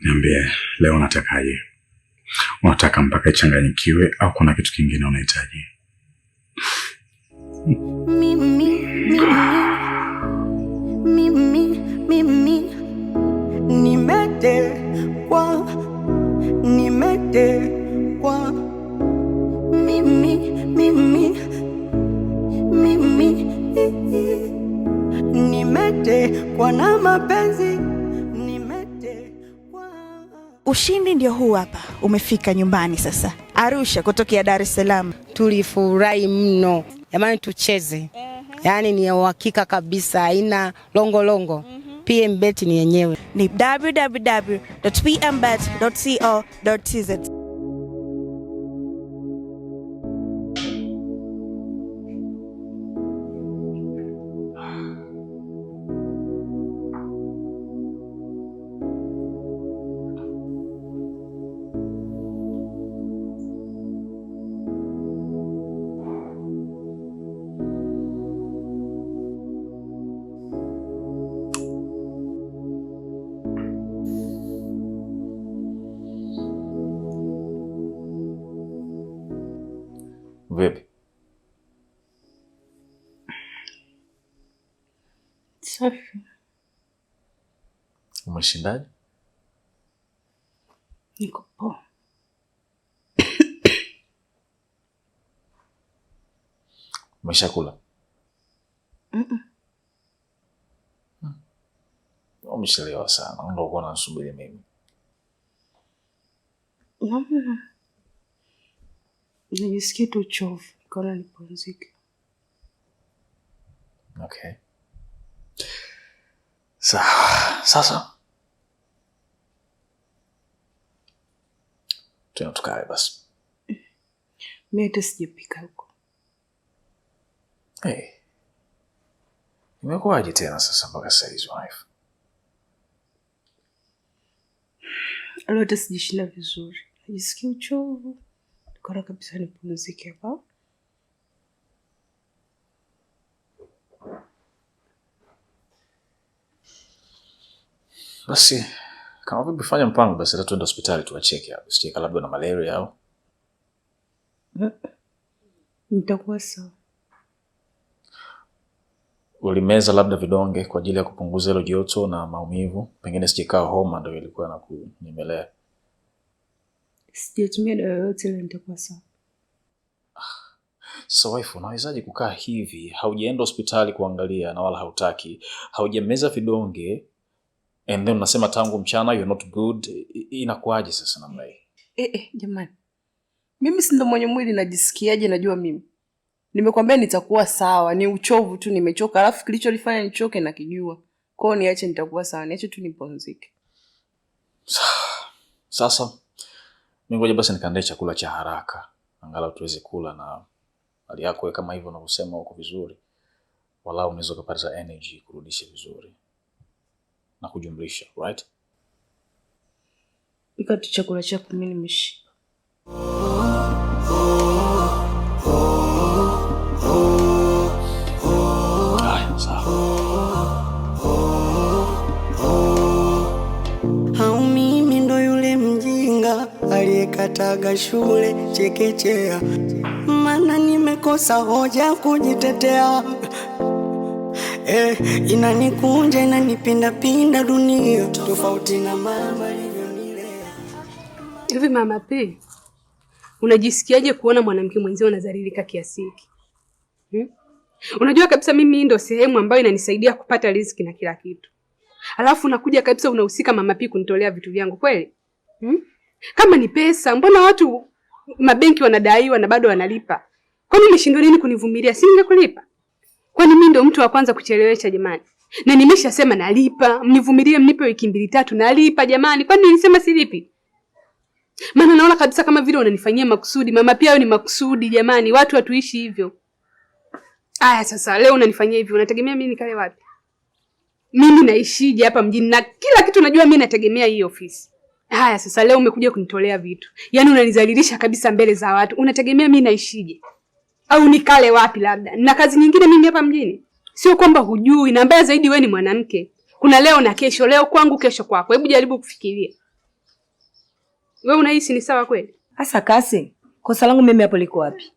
Niambie leo unatakaje? Unataka mpaka ichanganyikiwe au kuna kitu kingine unahitaji? Nimetekwa na mapenzi Ushindi ndio huu hapa, umefika nyumbani sasa. Arusha kutokea Dar es Salaam, tulifurahi mno jamani, tucheze yaani ni ya uhakika kabisa, haina longolongo. Mhm. PMBet ni yenyewe ni www.pmbet.co.tz. Umeshindaje? Niko poa. Umeshakula? Mm-mm. Hmm. Umechelewa sana, ndio uko unasubiri mimi. Namna. Nijisikia tu chovu, nikaona nipumzike. Okay. Sawa. Sasa tena tukae basi. Mimi hata sijapika huko. Hey. Eh. Imekuwaje tena sasa mpaka sasa hizo wife? Alo, hata sijishinda vizuri. Najisikia uchovu. Nikora kabisa nipumzike hapa. Basi kama vipi fanya mpango basi, hata tuende hospitali tuwacheke hapo, sikia labda na malaria au nitakuwa sawa. Ulimeza labda vidonge kwa ajili ya kupunguza hilo joto na maumivu, pengine sijakaa homa ndio ilikuwa inakunyemelea. Sijatumia dawa yoyote ile, nitakuwa sawa. Ah, so, wife, unawezaje kukaa hivi? Haujaenda hospitali kuangalia na wala hautaki, haujameza vidonge and then unasema tangu mchana you're not good. Inakuaje sasa namna hii? Eh, eh, jamani, mimi si ndo mwenye mwili, najisikiaje? Najua mimi nimekwambia nitakuwa sawa, ni uchovu tu, nimechoka. Alafu kilichonifanya nichoke nakijua, kwao niache, nitakuwa sawa, niache tu nipumzike. Sasa ningoja basi nikaandae chakula cha haraka angalau tuweze kula, na hali yako kama hivyo unavyosema uko vizuri, walau unaweza ukapata energy kurudisha vizuri na kujumlisha, right? Pika tu chakula chako, mimi nimeshiba. ndo yule mjinga aliyekataga shule chekechea, mana nimekosa hoja kujitetea eh, inanikunja inanipindapinda dunia tofauti na mama alivyonilea. Hivi Mama pe, unajisikiaje kuona mwanamke mwenzio anadhalilika kiasi hiki hmm? Unajua kabisa mimi ndo sehemu ambayo inanisaidia kupata riziki na kila kitu, alafu unakuja kabisa unahusika Mama pe kunitolea vitu vyangu kweli hmm? Kama ni pesa, mbona watu mabenki wanadaiwa na bado wanalipa? Kwani umeshindwa nini kunivumilia? Si ningekulipa? Kwani mimi ndo mtu wa kwanza kuchelewesha jamani? Na nimeshasema nalipa, mnivumilie, mnipe wiki mbili tatu, nalipa jamani. Kwani nilisema silipi? Maana naona kabisa kama vile unanifanyia makusudi. Mama pia wewe ni makusudi jamani, watu watuishi hivyo. Aya, sasa leo unanifanyia hivyo, unategemea mimi nikale wapi? Mimi naishije hapa mjini na kila kitu najua mimi nategemea hii ofisi. Haya, sasa leo umekuja kunitolea vitu, yaani unanizalilisha kabisa mbele za watu, unategemea mimi naishije? au nikale wapi? Labda na kazi nyingine mimi hapa mjini. Sio kwamba hujui, na mbaya zaidi, we ni mwanamke, kuna leo na kesho, leo kwangu, kesho kwako. Hebu jaribu kufikiria, we unahisi ni sawa kweli? Hasa kasi, kosa langu mimi hapo liko wapi?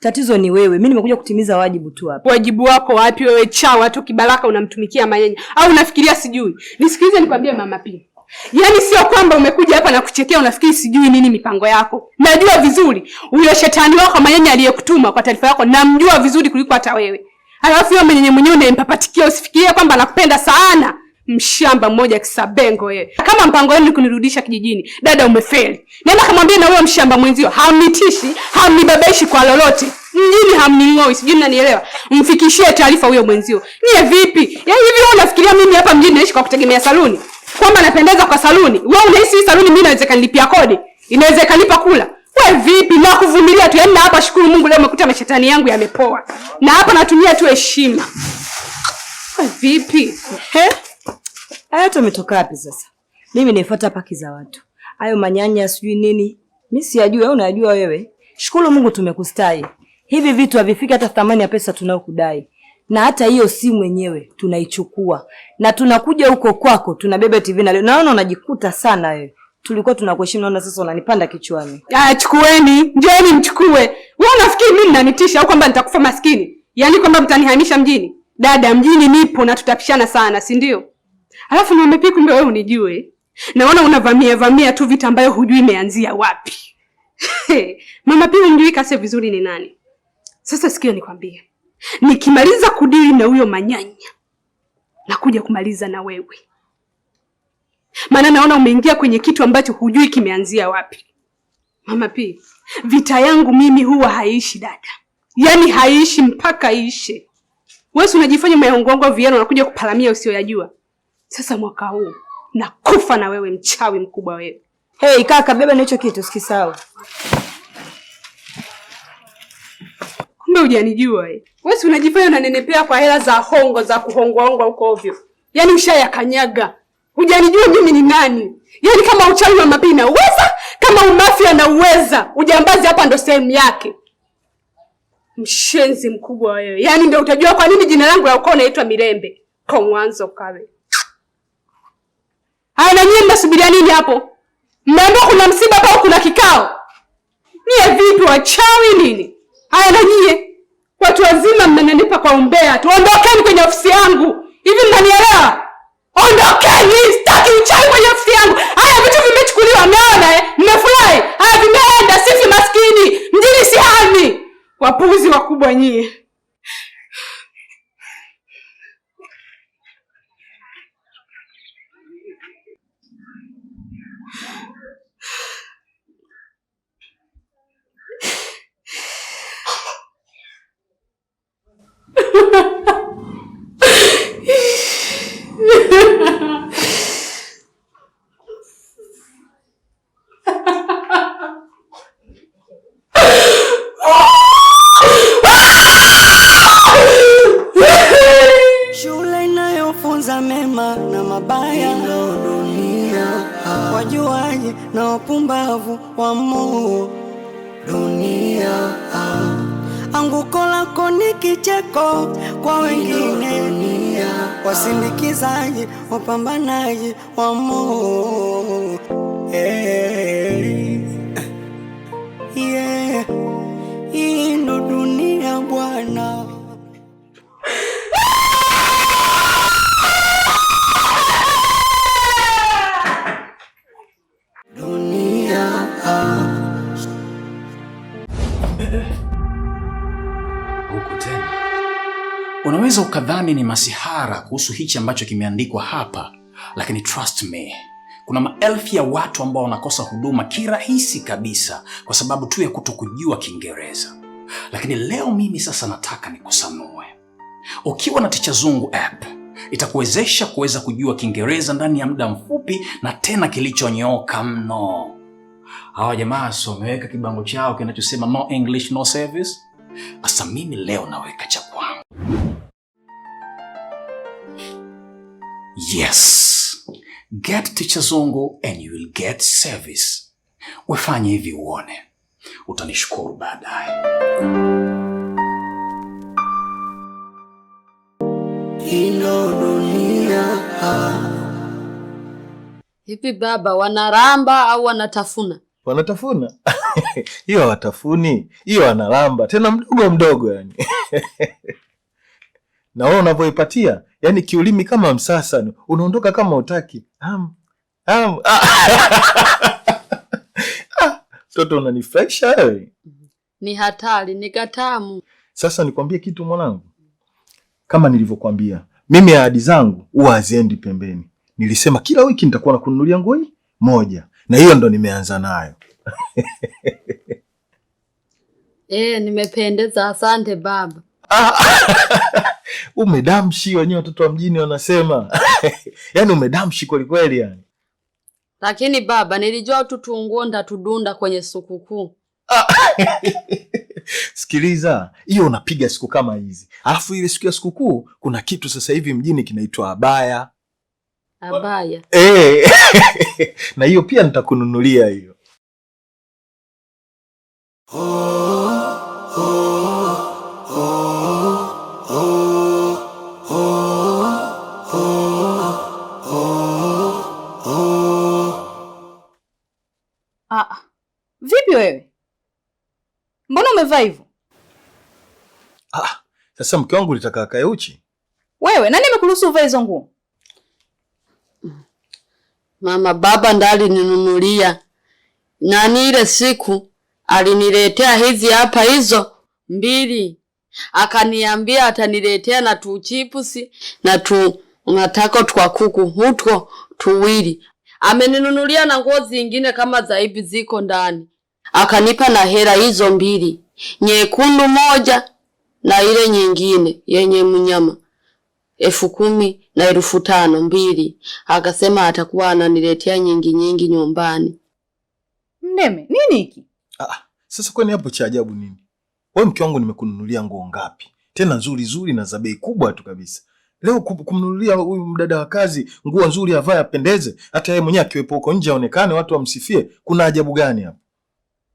Tatizo ni wewe, mimi nimekuja kutimiza wajibu tu hapa. Wajibu wako wapi? Wewe chawa tu kibaraka, unamtumikia manyenye, au unafikiria sijui? Nisikilize nikwambie, mama pia Yaani sio kwamba umekuja hapa na kuchekea, unafikiri sijui nini mipango yako. Najua vizuri huyo shetani wako Manyenye aliyekutuma kwa taarifa yako, namjua vizuri kuliko hata wewe. Alafu yeye Manyenye mwenyewe unaempapatikia, usifikirie kwamba anakupenda sana. Mshamba mmoja kisabengo yeye. Kama mpango wenu kunirudisha kijijini, dada umefeli. Nenda kamwambie na huyo mshamba mwenzio, hamnitishi, hamnibabaishi kwa lolote. Mjini hamning'oi, sijui nanielewa. Mfikishie taarifa huyo mwenzio. Nie vipi? Yaani hivi unafikiria mimi hapa mjini naishi kwa kutegemea saluni? kwamba napendeza kwa saluni. Wewe unahisi hii saluni mimi naweza kanilipia kodi? Inaweza kanipa kula? We vipi na kuvumilia tu. Yaani na hapa shukuru Mungu leo umekuta mashetani yangu yamepoa. Na hapa natumia tu heshima. We vipi? He? Haya yote umetoka wapi sasa? Mimi naifuata paki za watu. Hayo manyanya sijui nini. Mimi siyajui au unajua wewe? Shukuru Mungu tumekustahi. Hivi vitu havifiki hata thamani ya pesa tunayokudai na hata hiyo simu yenyewe tunaichukua na tunakuja huko kwako, tunabeba TV na leo. Naona unajikuta sana wewe, tulikuwa tunakuheshimu, naona sasa unanipanda kichwani. Ah, chukueni, njoni mchukue. Wewe unafikiri mimi mnanitisha au kwamba nitakufa maskini? Yaani kwamba mtanihamisha mjini? Dada, mjini nipo na tutapishana sana, si ndio? Alafu niombe pia, kumbe wewe unijue. Naona unavamia vamia tu vita ambayo hujui imeanzia wapi. Mama pia unijui kase vizuri ni nani? Sasa sikio nikwambie. Nikimaliza kudili na huyo manyanya, nakuja kumaliza na wewe, maana naona umeingia kwenye kitu ambacho hujui kimeanzia wapi. Mama Pi, vita yangu mimi huwa haiishi dada, yaani haiishi mpaka iishe. Wewe unajifanya umeongoongo viano, unakuja kupalamia usioyajua Sasa mwaka huu nakufa na wewe, mchawi mkubwa wewe. Hey kaka, beba nicho kitu sikisahau kumbe hujanijua eh. Wewe unajifanya unanenepea kwa hela za hongo za kuhongwa hongwa huko ovyo. Yaani ushayakanyaga. Hujanijua mimi ni nani? Yaani kama uchawi wa mapi uweza, kama umafia uweza, Ujambazi hapa ndo sehemu yake. Mshenzi mkubwa wewe. Yaani ndio utajua kwa nini jina langu la ukoo naitwa Mirembe. Kwa mwanzo kawe. Haya na nyinyi mnasubiria nini hapo? Mnaambia kuna msiba au kuna kikao? Nie vipi wachawi nini? Haya na nyie Watu wazima mnananipa kwa umbea tu. Ondokeni kwenye ofisi yangu, hivi mnanielewa? Ondokeni, sitaki uchawi kwenye ofisi yangu. Haya vitu vimechukuliwa, mmeona eh? Mmefurahi? Haya vimeenda, sisi maskini mjini siani wapuzi wakubwa nyie. wapambanaji wa Mungu Unaweza ukadhani ni masihara kuhusu hichi ambacho kimeandikwa hapa, lakini trust me, kuna maelfu ya watu ambao wanakosa huduma kirahisi kabisa kwa sababu tu ya kutokujua Kiingereza. Lakini leo mimi sasa nataka nikusanue. Ukiwa na Ticha Zungu app itakuwezesha kuweza kujua Kiingereza ndani ya muda mfupi na tena kilichonyooka mno. Hawa jamaa wameweka kibango chao kinachosema no English no service? Asa mimi leo naweka cha Yes. Get Ticha zongo and you will get service. Wefanye hivi uone, utanishukuru baadaye. Hivi baba, wanaramba au wanatafuna? Wanatafuna hiyo watafuni hiyo wanaramba, tena mdogo mdogo yani na wewe unavyoipatia yani kiulimi kama msasa, unaondoka kama utaki ah. ah, toto unanifurahisha wewe, ni hatari, ni katamu. Sasa nikwambie kitu mwanangu, kama nilivyokwambia mimi ahadi zangu huwa haziendi pembeni. Nilisema kila wiki nitakuwa na kununulia ngoi moja, na hiyo ndo nimeanza nayo. E, nimependeza. Asante baba. Ah! umedamshi, wenyewe watoto wa mjini wanasema yaani umedamshi kwelikweli yani. Lakini baba, nilijua tutungonda ndatudunda kwenye sikukuu. Sikiliza, hiyo unapiga siku kama hizi, alafu ile siku ya sikukuu kuna kitu sasa hivi mjini kinaitwa abaya. Abaya e. na hiyo pia nitakununulia hiyo. Oh. Sasa mke wangu litaka kae uchi? Wewe nani amekuruhusu uvae hizo nguo? Mama, baba ndo alininunulia nani, ile siku aliniletea hizi hapa hizo mbili, akaniambia ataniletea na tuchipusi na tu nataka twa kuku hutwo tuwili. Ameninunulia na nguo zingine kama za ziko ndani, akanipa na hela hizo mbili, nyekundu moja na ile nyingine yenye mnyama elfu kumi na elfu tano mbili. Akasema atakuwa ananiletea nyingi nyingi nyumbani. Mndeme, nini hiki? Ah, sasa kwani hapo cha ajabu nini? Wewe mke wangu nimekununulia nguo ngapi tena nzuri nzuri na za bei kubwa tu kabisa. Leo kumnunulia huyu mdada wa kazi nguo nzuri avae apendeze, hata yeye mwenyewe akiwepo huko nje aonekane, watu wamsifie. Kuna ajabu gani hapo?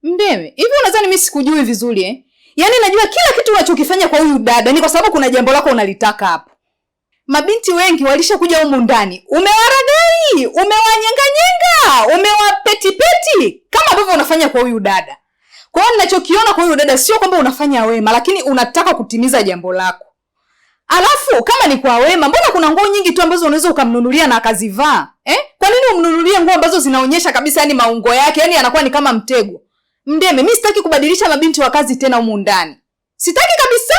Mndeme, hivi unadhani mimi sikujui vizuri eh? Yaani najua kila kitu unachokifanya kwa huyu dada ni kwa sababu kuna jambo lako unalitaka hapo. Mabinti wengi walishakuja humu ndani, umewaragai, umewanyenganyanga, umewapetipeti kama ambavyo unafanya kwa huyu dada. Kwa hiyo ninachokiona kwa huyu dada sio kwamba unafanya wema, lakini unataka kutimiza jambo lako. Alafu kama ni kwa wema, mbona kuna nguo nyingi tu ambazo unaweza ukamnunulia na akazivaa eh? Kwa nini umnunulie nguo ambazo zinaonyesha kabisa yani maungo yake, yani anakuwa ni kama mtego? Mdeme, mi sitaki kubadilisha mabinti wa kazi tena humu ndani, sitaki kabisa.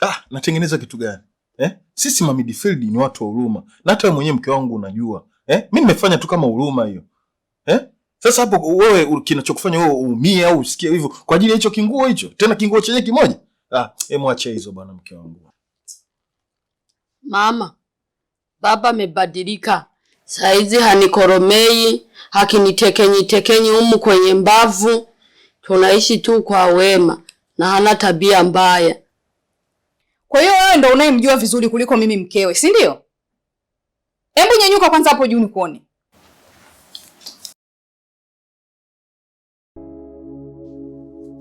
Ah, natengeneza kitu gani eh? Sisi mami Difield ni watu wa huruma, na hata wewe mwenyewe mke wangu unajua eh? Mi nimefanya tu kama huruma hiyo eh? Sasa hapo wewe kinachokufanya wewe uumie au usikie hivyo kwa ajili ya hicho kinguo hicho, tena kinguo chenye kimoja. Ah, hebu acha hizo bwana, mke wangu. Mama, baba amebadilika saizi, hanikoromei hakinitekeni tekeni humu kwenye mbavu tunaishi tu kwa wema na hana tabia mbaya. Kwa hiyo wewe ndo unayemjua vizuri kuliko mimi mkewe, si ndio? Hebu nyanyuka kwanza hapo juu nikuone.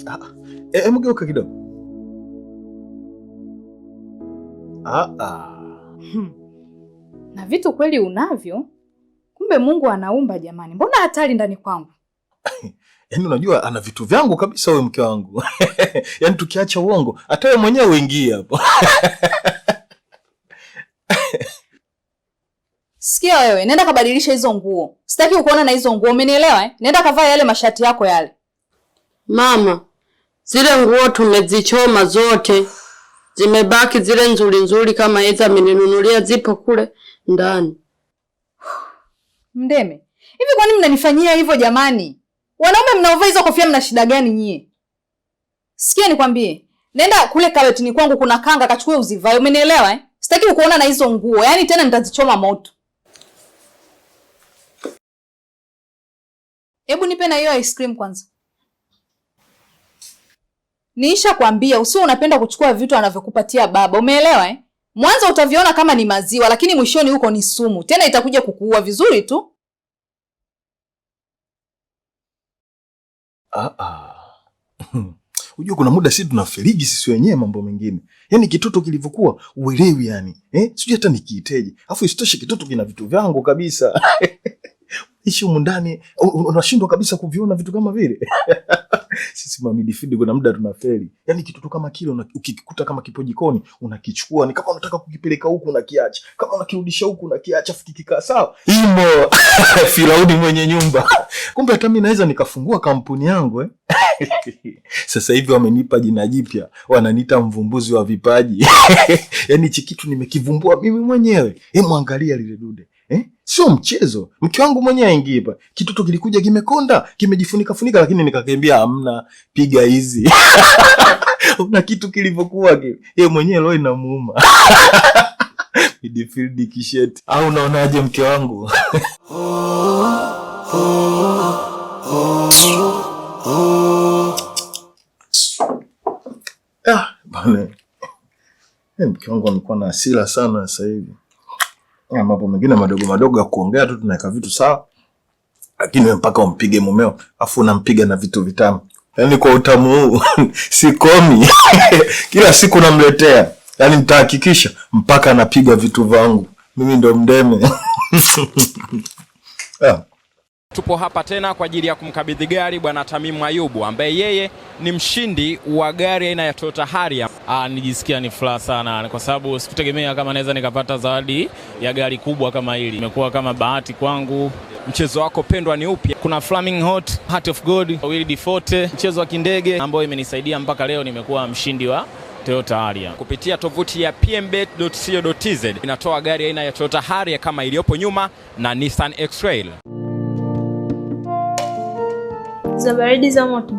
Ah, eh, hebu geuka kidogo. Ah, ah. Hmm. Na vitu kweli unavyo, kumbe Mungu anaumba jamani, mbona hatari ndani kwangu? yani unajua ana vitu vyangu kabisa wewe mke wangu. yani tukiacha uongo, hata wewe mwenyewe uingie hapo. Sikia wewe, nenda kabadilisha hizo nguo. Sitaki ukuona na hizo nguo, umenielewa eh? Nenda kavaa yale mashati yako yale. Mama, zile nguo tumezichoma zote. Zimebaki zile nzuri nzuri kama hizo ameninunulia zipo kule ndani. Mdeme. Hivi kwani mnanifanyia hivyo jamani? Wanaume mnaovaa hizo kofia mna shida gani nyie? Sikia nikwambie, nenda kule kabetini kwangu kuna kanga, kachukue uzivae. Umenielewa eh? Sitaki ukuona na hizo nguo, yaani tena nitazichoma moto. Hebu nipe na hiyo ice cream kwanza. Niisha kwambia usio unapenda kuchukua vitu anavyokupatia baba, umeelewa eh? Mwanzo utaviona kama ni maziwa, lakini mwishoni huko ni sumu, tena itakuja kukuua vizuri tu. Ah, ah. Unajua kuna muda sisi tunaferiji sisi wenyewe mambo mengine. Yaani kitoto kilivyokuwa uelewi yani. Eh? Sijui hata nikiiteje. Alafu isitoshe kitoto kina vitu vyangu kabisa. ishi humu ndani unashindwa kabisa kuviona vitu kama vile. Sisi mamidifidi kuna muda tunafeli. yani kitu tu kama kile ukikikuta kama kipo jikoni unakichukua, ni kama unataka kukipeleka huku unakiacha, kama unakirudisha huku unakiacha, afu kikikaa sawa himo Firauni mwenye nyumba kumbe hata mi naweza nikafungua kampuni yangu eh? Sasa hivi wamenipa jina jipya, wananiita mvumbuzi wa vipaji. yani hichi kitu nimekivumbua mimi mwenyewe. Hebu angalia lile dude sio mchezo. Mke wangu mwenyewe aingie kitoto, kilikuja kimekonda, kimejifunika funika, lakini nikakiambia amna piga hizi una kitu kilivyokuwa ki yeye mwenyewe leo inamuuma midfield kishet, au unaonaje, mke wangu? Ah, bana, mke wangu amekuwa na hasira sana sasa hivi. Eh, mambo mengine madogo madogo ya kuongea tu, tunaweka vitu sawa, lakini mpaka umpige mumeo, afu unampiga na vitu vitamu. Yani kwa utamu huu sikomi kila siku namletea, yani nitahakikisha mpaka anapiga vitu vangu. Mimi ndo mdeme ah. Tupo hapa tena kwa ajili ya kumkabidhi gari bwana Tamimu Ayubu ambaye yeye ni mshindi wa gari aina ya Toyota Harrier. Ah, nijisikia ni furaha sana kwa sababu sikutegemea kama naweza nikapata zawadi ya gari kubwa kama hili. Imekuwa kama bahati kwangu. Mchezo wako pendwa ni upi? Kuna Flaming Hot, Heart of God, Willy Defote, mchezo wa kindege ambayo imenisaidia mpaka leo nimekuwa mshindi wa Toyota Harrier. Kupitia tovuti ya pmbet.co.tz inatoa gari aina ya Toyota Harrier kama iliyopo nyuma na Nissan X-Trail za baridi za moto.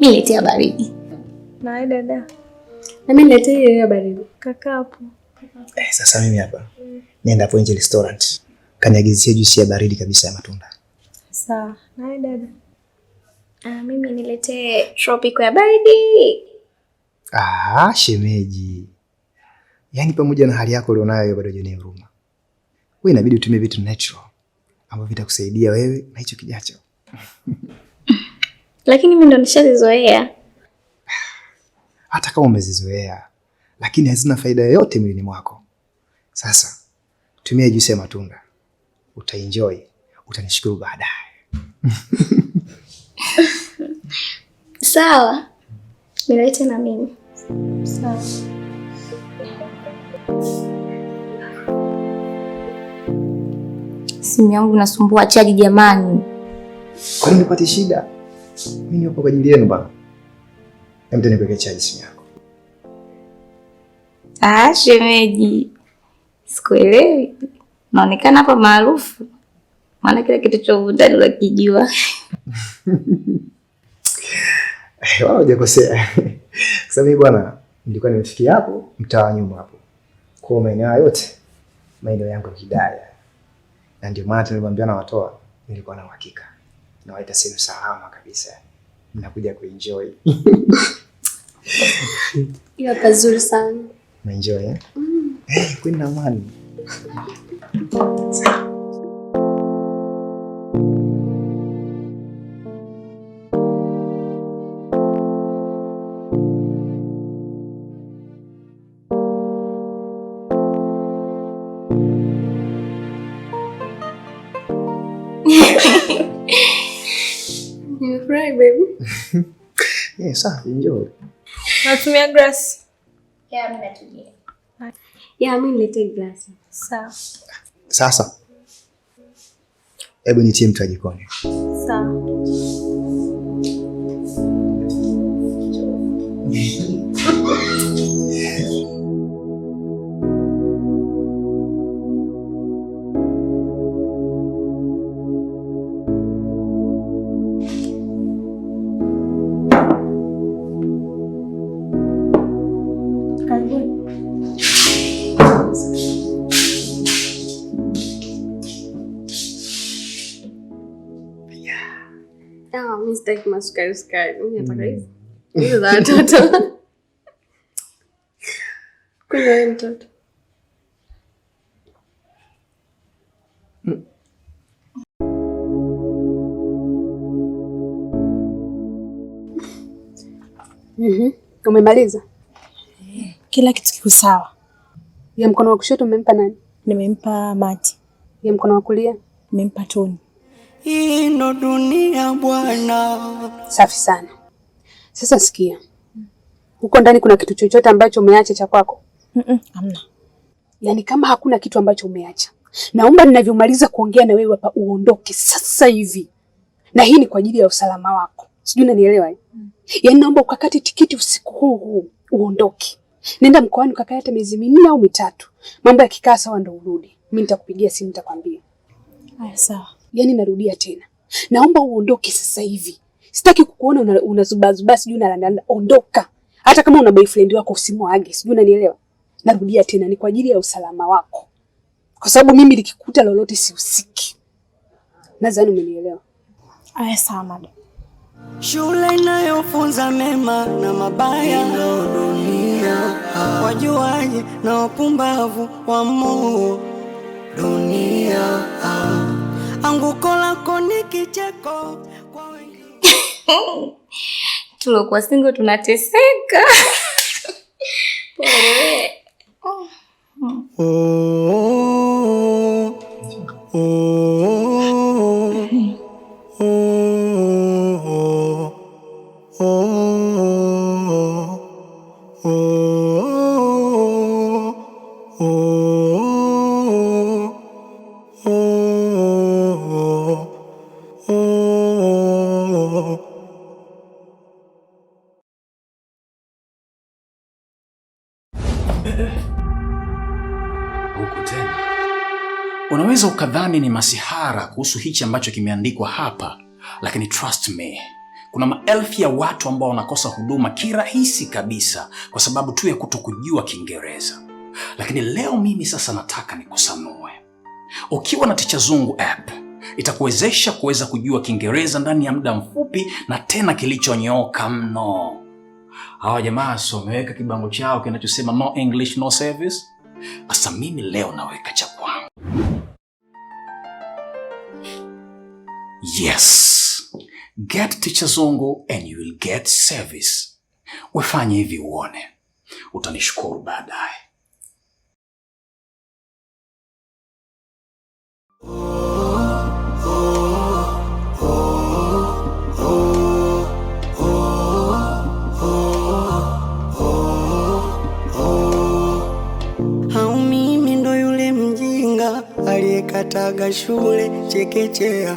Mimi niletea baridi. Na wewe dada? Na mimi niletea hiyo ya baridi. Kaka hapo. Eh, sasa mimi hapa. Mm. Nenda hapo nje restaurant. Kaniagizie juisi ya baridi kabisa ya matunda. Sawa. Na wewe dada? Ah, mimi niletee tropical ya baridi. Ah, shemeji. Yaani pamoja na hali yako ulionayo bado hujani huruma. Wewe inabidi utumie vitu natural ambavyo vitakusaidia wewe na hicho kijacho. Lakini mimi ndo nishazizoea. Hata kama umezizoea, lakini hazina faida yoyote mwilini mwako. Sasa tumia juisi ya matunda, utaenjoy, utanishukuru baadaye. Sawa, nilete na mimi sawa. Simu yangu nasumbua chaji jamani. Kwa nini nipate shida? Mimi nipo kwa ajili yenu bana. Hem, nipeke chaji simu yako. Ah, shemeji. Sikuelewi. Naonekana hapa maarufu. Maana kila kitu cha uvundani unakijua. Eh, wao hujakosea. Sasa mimi bwana nilikuwa nimefikia hapo mtaa nyuma hapo. Kwa maeneo yote maeneo yangu Kidaya. Na ndio maana na watoa nilikuwa na uhakika nawaita sehemu salama kabisa, mnakuja kuenjoy. Ila pazuri sana. Naenjoy eh? Mm. Hey, eh, kwenda amani. safi, ah, njoo. Natumia glass. Yeah, mimi nilete glass. Sawa. Sasa. Hebu nitie mtu ajikoni. Sawa. Mm. like masukari sukari, mimi nataka hizi hizo za watoto. Kuna wewe mtoto umemaliza? Kila kitu kiko sawa. Ya mkono wa kushoto umempa nani? Nimempa Mati. Ya mkono wa kulia? Nimempa Toni hii ndo dunia bwana. Safi sana. Sasa sikia, huko ndani kuna kitu chochote ambacho umeacha cha kwako? mm -mm, amna. Yaani kama hakuna kitu ambacho umeacha, naomba ninavyomaliza kuongea na wewe hapa uondoke sasa hivi, na hii ni kwa ajili ya usalama wako, sijui unanielewa eh? mm. Yaani naomba ukakate tikiti usiku huu huu uondoke, nenda mkoani ukakae hata miezi minne au mitatu, mambo yakikaa sawa ndo urudi. Mimi nitakupigia simu nitakwambia. Haya, sawa yani narudia tena, naomba uondoke sasa hivi, sitaki kukuona unazubazuba siju sijui Ondoka, hata kama una boyfriend wako usimwage, sijui unanielewa. Narudia tena, ni kwa ajili ya usalama wako, kwa sababu mimi likikuta lolote sihusiki. Nadhani umenielewa. Aya, sawa madam. Shule inayofunza mema na mabaya dunia, wajuaji na wapumbavu wa moo dunia anguko lako ni kicheko kwa wengine. Tuliokuwa single tunateseka. Pole. Oh. oh, oh. nadhani ni masihara kuhusu hichi ambacho kimeandikwa hapa, lakini trust me, kuna maelfu ya watu ambao wanakosa huduma kirahisi kabisa kwa sababu tu ya kutokujua Kiingereza. Lakini leo mimi sasa nataka nikusanue. Ukiwa na Ticha Zungu app itakuwezesha kuweza kujua Kiingereza ndani ya muda mfupi na tena kilichonyooka mno. Hawa jamaa so wameweka kibango chao kinachosema no English no service. Asa mimi leo naweka cha kwangu. Yes, get Ticha Zongo and you will get service. Wefanye hivi uone, utanishukuru baadaye. Hau, ndo yule mjinga aliyekataga shule chekechea